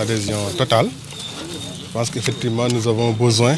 adhésion totale. Je pense qu'effectivement, nous avons besoin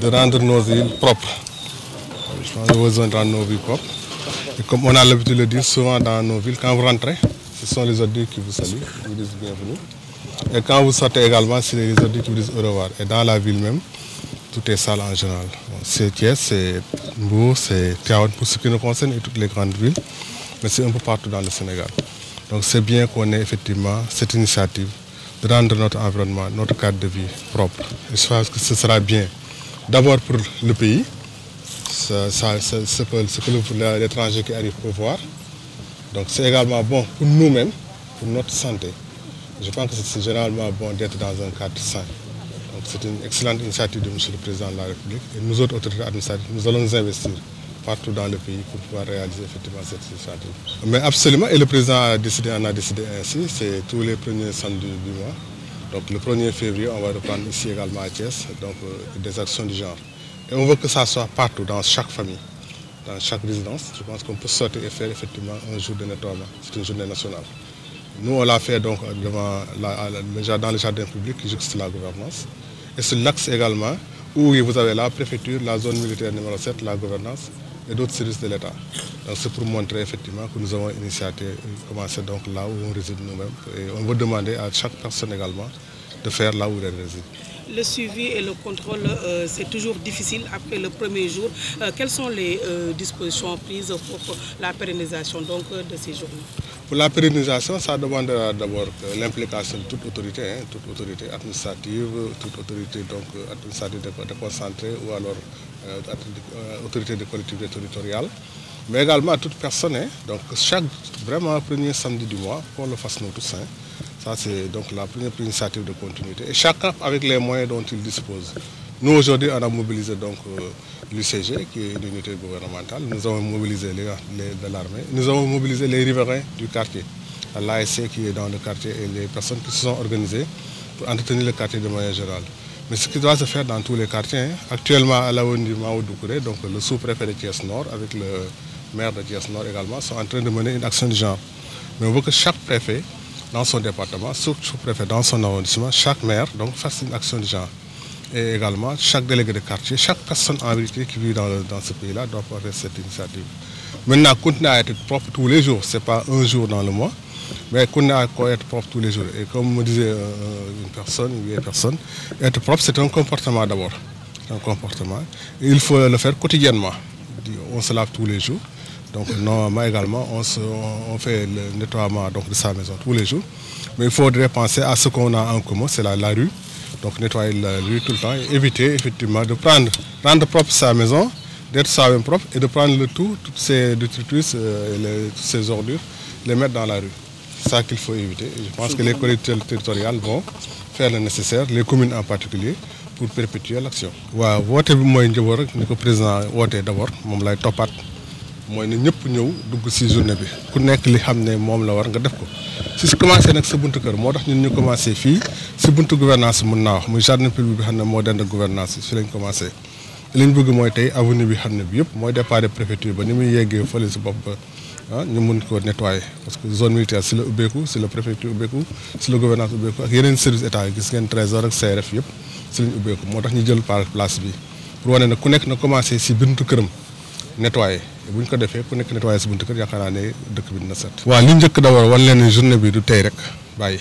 de rendre nos villes propres. Nous avons besoin de rendre nos villes propres. Et comme on a l'habitude de le dire souvent dans nos villes, quand vous rentrez, ce sont les adultes qui vous saluent, qui vous disent bienvenue. Et quand vous sortez également, c'est les adultes qui vous disent au revoir. Et dans la ville même, tout est sale en général. C'est Thiès, c'est Mbourg, c'est Tiaouane pour ce qui nous concerne et toutes les grandes villes, mais c'est un peu partout dans le Sénégal. Donc c'est bien qu'on ait effectivement cette initiative rendre notre environnement, notre cadre de vie propre. je pense que ce sera bien, d'abord pour le pays, ce, que, que l'étranger qui arrive peut voir. Donc c'est également bon pour nous-mêmes, pour notre santé. Je pense que c'est généralement bon d'être dans un cadre sain. Donc c'est une excellente initiative de M. le Président de la République. Et nous autres autorités administratives, nous allons nous investir partout dans le pays pour pouvoir réaliser effectivement cette initiative. Mais absolument, et le président a décidé, on a décidé ainsi, c'est tous les premiers samedis du mois. Donc le 1er février, on va reprendre ici également à Thiès, donc euh, des actions du genre. Et on veut que ça soit partout, dans chaque famille, dans chaque résidence. Je pense qu'on peut sortir et faire effectivement un jour de nettoyage. C'est une journée nationale. Nous, on l'a fait donc devant la, dans le jardin public jusqu'à la gouvernance. Et sur l'axe également, où vous avez la préfecture, la zone militaire numéro 7, la gouvernance, et d'autres services de l'État. c'est pour montrer effectivement que nous avons initié commencé donc là où on réside nous-mêmes. Et on veut demander à chaque personne également de faire là où elle réside. Le suivi et le contrôle, euh, c'est toujours difficile après le premier jour. Euh, quelles sont les euh, dispositions prises pour la pérennisation donc, de ces journées Pour la pérennisation, ça demandera d'abord l'implication de toute autorité, hein, toute autorité administrative, toute autorité donc, administrative ou alors autorité de collectivité territoriale mais également à toute personne. Hein. donc chaque vraiment premier samedi du mois, pour le fasse nous tous. Hein c'est donc la première initiative de continuité. Et chacun avec les moyens dont il dispose. Nous, aujourd'hui, on a mobilisé donc euh, l'UCG, qui est une unité gouvernementale. Nous avons mobilisé les, de l'armée. Nous avons mobilisé les riverains du quartier, l'ASC qui est dans le quartier et les personnes qui se sont organisées pour entretenir le quartier de manière générale. Mais ce qui doit se faire dans tous les quartiers, hein, actuellement à la du Mao donc le sous-préfet de Thiès Nord avec le maire de Thiès Nord également, sont en train de mener une action de genre. Mais on veut que chaque préfet dans son département, sous-préfet dans son arrondissement, chaque maire donc, fasse une action de genre. Et également, chaque délégué de quartier, chaque personne en qui vit dans, ce pays-là doit porter cette initiative. Maintenant, continuer à être propre tous les jours, ce n'est pas un jour dans le mois, mais continuer à être propre tous les jours. Et comme me disait euh, euh, une personne, une vieille personne, être propre, c'est un comportement d'abord. Un comportement. il faut le faire quotidiennement. On se lave tous les jours. Donc normalement également, on, fait le nettoiement donc, de sa maison tous les jours. Mais il faudrait penser à ce qu'on a en commun, c'est la, rue. Donc nettoyer la rue tout le temps et éviter effectivement de prendre, rendre propre sa maison, d'être sa même propre et de prendre le tout, toutes ces détritus, euh, toutes ces ordures, les mettre dans la rue. C'est ça qu'il faut éviter. je pense que les collectivités territoriales vont faire le nécessaire, les communes en particulier, pour perpétuer l'action. président d'abord mooy ne ñëpp ñëw dugg ci journée bi ku nekk li xam ne moom la war nga def ko ci commencé nag sa buntu kër moo tax ñun ñu commencé fii ci buntu gouvernance mën naa wax muy jardin public xam ne moo dend gouvernance bi lañ commencé li ñu bëgg mooy tey avenue bi xam ne bi yëpp mooy départ de ba ni muy yeggee fële ci bopp ah ñu mun ko nettoyer parce que zone militaire ci la ubbeeku ci la préfecture ubbeeku ci la gouvernance ubbeeku état gis ngeen trésor ak CRF yëpp ci lañ ñu jël par place bi pour wane ne ku nekk na commencé ci buntu këram nettoyer buñ ko defee ku nekk nettoyé sa buntu kër yaakaar ne dëkk bi dina set. waaw li njëkk d'abord wan leen ni journée bi du tey rek bàyyi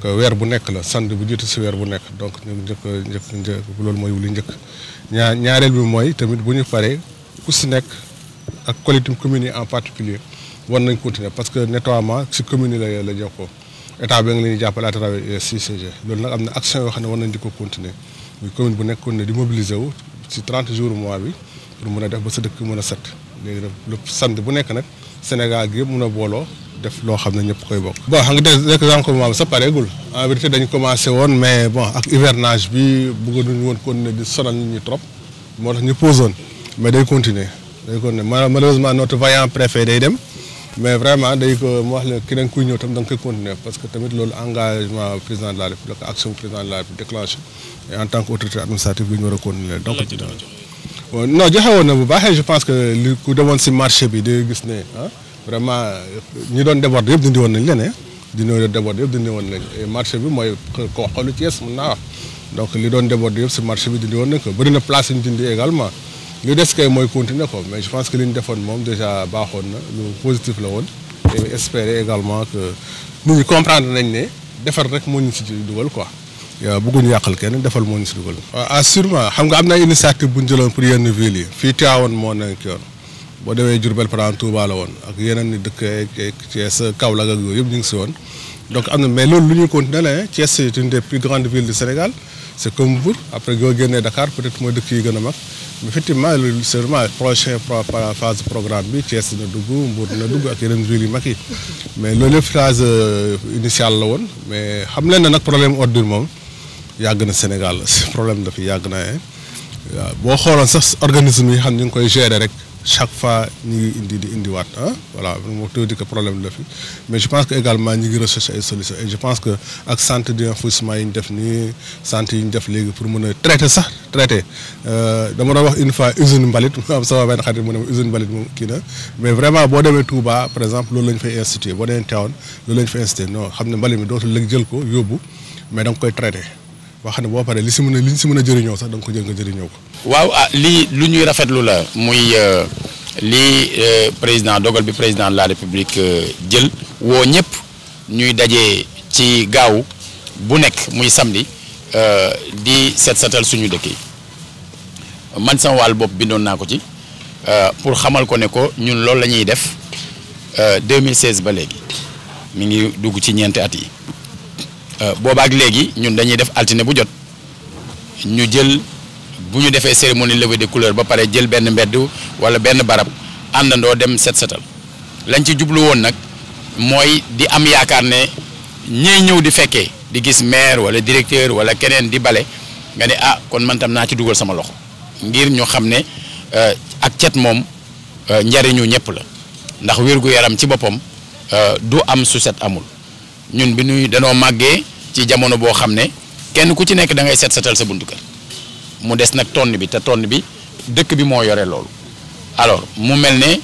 que weer bu nekk la samedi bu jiitu si weer bu nekk donc ñu njëkk njëkk njëkk loolu mooy li njëkk ñaa ñaareel bi mooy tamit bu ñu paree ku si nekk ak collectivité commune yi en particulier war nañ continuer parce que nettoiement si commune yi la la jokkoo état bi nga leen di jàppale à travers e CCG loolu nag am na action yoo xam ne war nañ di ko continuer muy commune bu nekkoon ne di mobiliser wu si 30 jours mois bi pour mën a def ba sa dëkk mën a set. léegi nag lu sand bu nekk nag Sénégal gi yëpp mun a booloo def loo xam ne ñëpp koy bokk. bon xam nga de désencombrement bi sa pareegul en vérité dañ commencé woon mais bon ak hivernage bi bëggoon woon kon ne di sonal nit ñi trop moo tax ñu posé woon mais day continuer day continuer malheureusement notre vaillant préfet day dem mais vraiment day mu wax la ki kuy ñëw tam da nga continuer parce que tamit loolu engagement président de la république action président de la république Euh, non joxe woon na bu baaxee je pense que li ku demoon si marché bi di gis ne ah vraiment ñi doon déborder yëpp dindi woon nañ leen ah. di doon déborder yëpp dindi woon nañ marché bi mooy ko xolu Thiès mun doon déborder yëpp si bi dindi woon nañ ko bëri na place yu ñu dindi également li des kay mooy continuer ko mais je pense que li ñu defoon moom déjà baaxoon na lu positif la woon et espérer également que nit ñi comprendre nañ ne defar rek moo ñu si dugal quoi waaw bëgguñu yàqal kenn defal moo ñu si dugal. ah, ah xam nga am na initiative bu ñu pour yenn villes yi fii Tivaouane moo nekk yoon boo demee Diourbel par exemple Touba woon ak yeneen ni dëkk yeeg Thiès Kaolack yooyu yëpp ñu ngi si woon. donc am na mais loolu lu ñuy continuer la Thiès c' est une des plus grandes villes du Sénégal c' est comme Mbour après boo génnee Dakar peut être mooy dëkk yi gën a mag effectivement loolu c' est vraiment prochain bi Thiès dina dugg Mbour dina dugg ak yeneen villes yu mag yi mais loolu yëpp phase euh, initiale la woon mais xam leen na nag problème ordure moom. yàgg na Sénégal problème dafi yàgg na waaw boo xooloon sax organisme yi xam ñu ngi koy gérer rek chaque fois ñu ngi indi di indiwaat ah voilà moo tax di que problème la fi mais je pense que également ñu ngi recherche ay solutions et je pense que ak centre d'enfouissement yi ñu def nii centre yi ñu def léegi pour mën a traité sax traité euh, dama doon wax une fois usine mbalit mu am sama moom kii na mais vraiment boo demee Touba par exemple loolu la ñu fay instituer boo demee Thiawane xam ne mbalit mi dootul léegi jël ko yóbbu mais da koy traiter. boo xam ne boo paree li si mën a li si mën a jëriñoo sax da nga ko jël nga jëriñoo ko. waaw a ah, lii lu ñuy rafetlu la muy euh, lii euh, président dogal bi président de la république euh, jël woo ñëpp ñuy daje ci gaaw bu nekk muy samedi di set setal suñu dëkk yi man sama wàll bopp bindoon naa ko ci pour xamal ko ne ko ñun loolu la ñuy def 2016 ba léegi mu ngi dugg ci ñeenti at yi. Euh, boobaak léegi ñun dañuy def altine bu jot ñu jël bu ñu cérémonie de couleur ba pare jël benn wala benn barab àndandoo dem set setal lañ ci jublu woon nag di am yaakaar ne ñiy ñëw di fekkee di gis maire wala directeur wala keren di bale nga ne ah kon man tam naa ci dugal sama loxo ngir ñu xam ne euh, ak cet moom euh, njariñu ñëpp la ndax wér yaram ci boppam du am suset amul ñun bi ñuy danoo màggee ci jamono boo xam ne kenn ku ci nekk da ngay set setal sa buntu kër mu des nag tonn bi te tonn bi dëkk bi moo yore loolu alors mu mel ne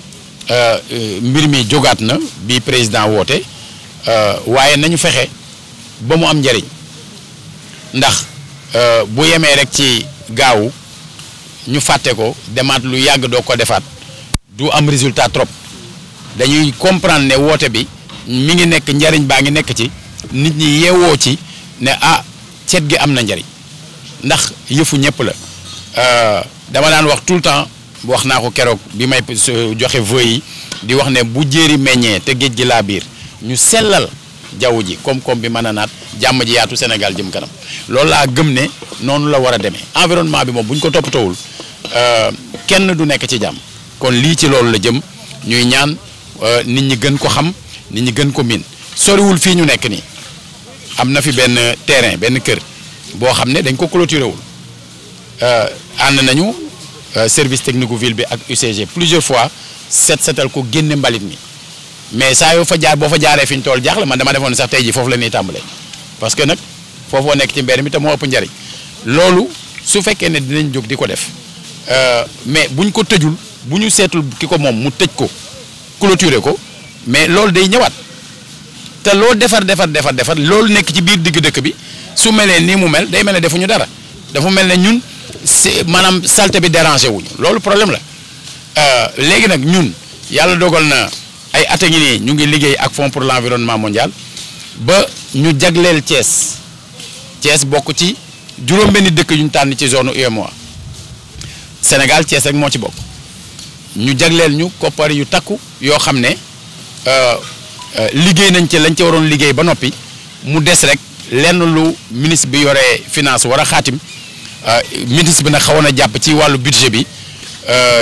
euh, euh, mbir mi jógaat na bi président woote euh, waaye nañu fexe ba mu am njariñ ndax bu yemee rek ci gaawu ñu fàtte ko demaat lu yàgg doo ko defaat du am résultat trop dañuy comprendre ne woote bi mi ngi nekk njariñ nek ngi nekk ci nit ñi yeewoo ci ne ah cet gi am na njariñ ndax yëfu ñëpp la euh, dama daan wax tout le temps wax ko bi may joxe vœux yi di wax ne bu jéeri meññee te géej gi laa biir ñu sellal jaww ji koom-koom bi mën a naat ji yaatu Sénégal jëm kanam loolu la gëm ne noonu la wara a demee environnement bi moom bu ñu ko toppatoowul euh, kenn du nek ci jàmm kon li ci loolu la jëm ñuy ñaan euh, nit ñi gën ko xam nit ñi gën ko miin soriwul fii ñu nekk nii am na fi benn terrain benn kër boo xam ne dañ ko clôturé wul euh, ànd nañu euh, service technique ville bi ak UCG plusieurs fois set setal ko génne mbalit mi mais saa yoo fa jaar boo fa jaaree fi ñu tool jaaxle man dama defoon sax tey jii foofu la ñuy tàmbalee parce que nag foofoo nekk ci mbedd mi te moo ëpp njariñ loolu su fekkee ne dinañ jóg di ko def euh, mais buñ ko tëjul bu ñu seetul ki ko moom mu tëj ko clôturé ko. mais loolu day ñëwaat te loo defar defar defar defar loolu nekk ci biir digg dëkk bi su melee nii mu mel day mel ne defuñu dara dafa mel ne ñun si maanaam salte bi dérangé wuñu loolu problème la euh, léegi nag ñun yàlla dogal na ay at ngi nii ñu ngi liggéey ak Fonds pour l'environnement mondiale ba ñu jagleel cees cees bokk ci juróom-benni dëkk yu ñu tànn ci zone UEMOA Sénégal Thiès rek moo ci bokk ñu jagleel ñu koppar yu takku yoo xam ne. Euh, euh, liggéey nañ ci lañ ci waroon liggéey ba noppi mu des rek lenn lu ministre bi yore finance war a xaatim euh, ministre bi nag xawoon a jàpp ci wàllu budget bi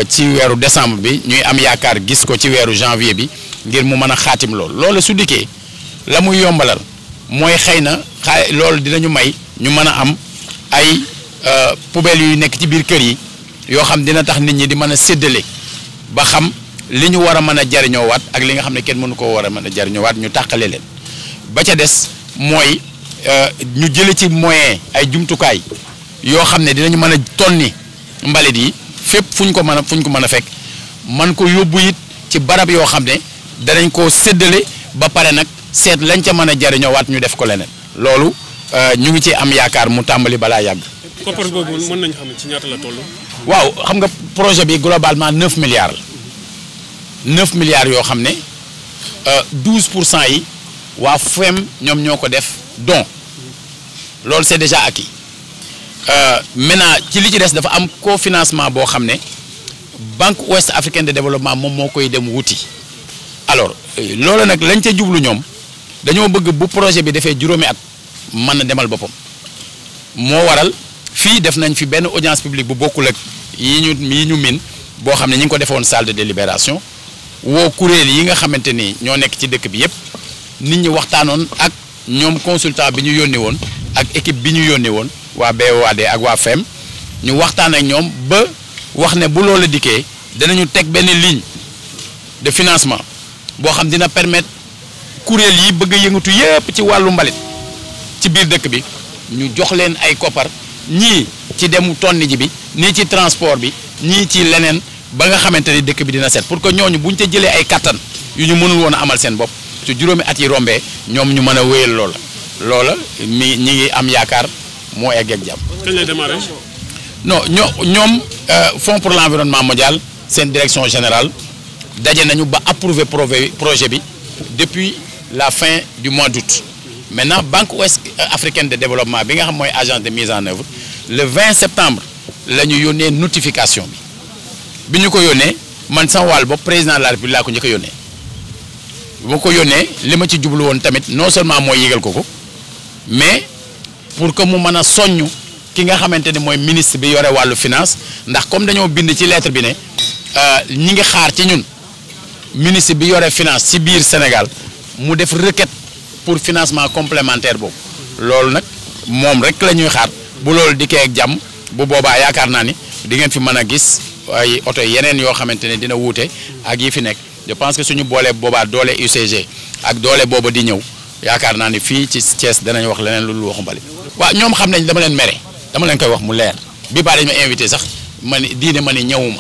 ci weeru décembre bi ñuy am yaakaar gis ko ci weeru janvier bi ngir mu mën a xaatim lool loolu su dikkee la muy yombalal mooy xëy na xaa dina ñu may ñu mën a am ay poubelles yuy nekk ci biir kër yi yoo xam dina tax nit ñi di mën a séddale ba xam li ñu war a mën a jariñoowaat ak li nga xam ne kenn mënu koo war a mën a ñu tàqale leen ba ca des mooy euh, ñu jële ci moyen ay jumtukaay yoo xam ne dinañ mën a tonni mbalit yi fépp fu ko mën a fu ko mën a fekk man ko yóbbu it ci barab yoo xam ne danañ koo séddale ba pare nag seet lañ ca mën a jariñoowaat ñu def ko leneen loolu euh, ñu ngi ci am yaakaar mu tàmbali balaa yàgg. koppar boobu mën nañu xam ci ñaata la toll. waaw xam nga projet bi globalement neuf milliards la. neuf milliards yo xamné euh douze pour cent yi wa FEM ñom ñoko def don lool c'est déjà acquis euh, maintenant ci li ci dess dafa am cofinancement bo xamné Banque Ouest Africaine de Développement mom moo koy dem wuti alors euh, loolu nak lañ ca jublu ñom dañoo bëgg bu projet bi défé juróomi at man na demal boppam waral fi def nañ fi ben audience publique bu bokul ak yi ñu yi ñu min bo xamné ne ñi ngi ko defoon salle de délibération woo kuréel yi nga xamante ni ñoo nekk ci dëkk bi yëpp nit ñi waxtaanoon ak ñoom consultant bi ñu yónnee woon ak équipe bi ñu yónnee woon waa BOAD ak waa FEM ñu waxtaan ak ñoom ba wax ne bu loola dikkee danañu teg benn ligne de financement boo xam dina permettre kuréel yi bëgg yëngatu yëpp ci wàllu mbalit ci biir dëkk bi ñu jox leen ay koppar ñii ci demu tonni ji bi nii ci transport bi ñii ci leneen ba nga xamanteni ni dëkk bi dina set pour que ñooñu bu ñu ca jëlee ay kattan yu ñu mënul woon amal seen bopp su juróomi at yi rombee ñoom ñu mën a wéyal loola loola mi ñi ngi am yaakaar moo egg ak jàmm. lay démarrer. non ñoo ñoom euh, Fonds pour l'environnement mondial seen direction générale daje nañu ba approuver projet bi depuis la fin du mois d'août maintenant Banque Ouest euh, africaine de développement bi nga xam mooy agence de mise en œuvre le 20 septembre la ñu yónnee notification bi. bi ñu ko yónnee man sama wàll bopp président de la république laa ko njëkk a yónnee boo ko yónnee li ma ci jublu woon tamit non seulement mooy yégal ko ko mais pour que mu mën a soññ ki nga xamante ni mooy ministre bi yore wàllu finance ndax comme dañoo bind ci lettre bi ne euh, ñi ngi xaar ci ñun ministre bi yore finance ci biir Sénégal mu def requête pour financement complémentaire boobu loolu nag moom rek la ñuy xaar bu loolu dikkee ak jàmm bu boobaa yaakaar naa ni di ngeen fi mën a gis ay oto yeneen yoo xamante ne dina wute ak yi fi nekk je pense que suñu boolee boobaa doole UCG ak doole booba di ñëw yaakaar naa ni fii ci Thiès danañ wax leneen lu waxu mbalit waaw ñoom xam nañ dama leen mere dama leen koy wax mu leer bi baa dañ ma invité sax ma ne diine ma ne ñëwuma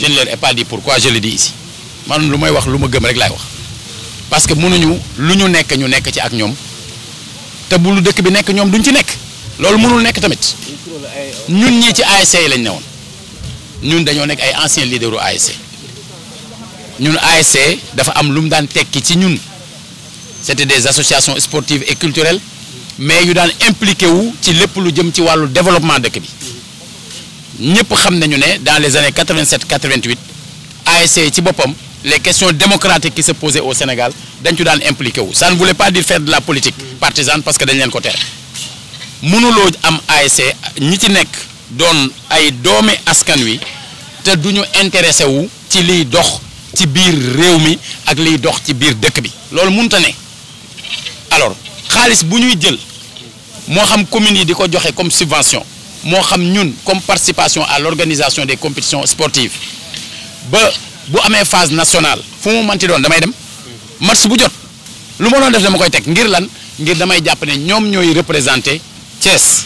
je ne leur ai pas dit pourquoi je le dis man lu may wax lu ma gëm rek laay wax parce que mënuñu lu ñu nekk ñu nekk ci ak ñoom te bu lu dëkk bi nekk ñoom duñ ci nekk loolu mënul nekk tamit ñun ñii ci ASC yi lañ newoon Nous sommes des anciens leaders de l'ASC. Nous dafa am lu tekki c'était des associations sportives et culturelles mais nous avons impliqué wu le développement de bi Nous savons que dans les années 87 88 ASC les questions démocratiques qui se posaient au Sénégal dañ avons impliqué ça ne voulait pas dire faire de la politique partisane parce que dañ leen côté, nous Nous am ASC ñi Don, ay doomi askan wi te duñu intéressé wu ci li dox ci biir réew ak li dox ci biir dëkk bi loolu munta né alors xaalis buñuy jël mo xam commune, yi diko joxé comme subvention mo xam ñun comme participation à l'organisation des compétitions sportives ba bu amé phase nationale fu mu manti don damay dem match bu jot lu ma doon def dama koy tek ngir lan ngir damay japp né ñom ñoy représenter Thiès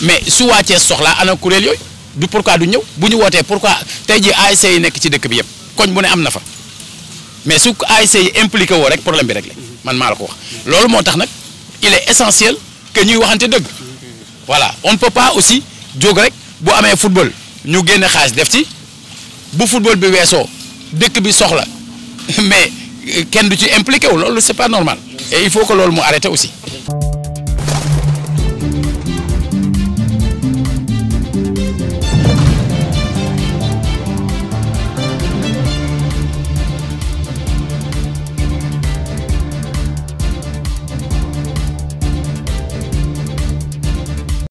mais si on a ana du pourquoi du bu pourquoi tey jii yi nekk ci dëkk bi mais si impliqué problème il est essentiel que nous waxante voilà on ne peut pas aussi jóg rek football ñu a des def ci bu football bi bi là. mais du impliqué Ce n'est c'est pas normal et il faut que l'on mu aussi.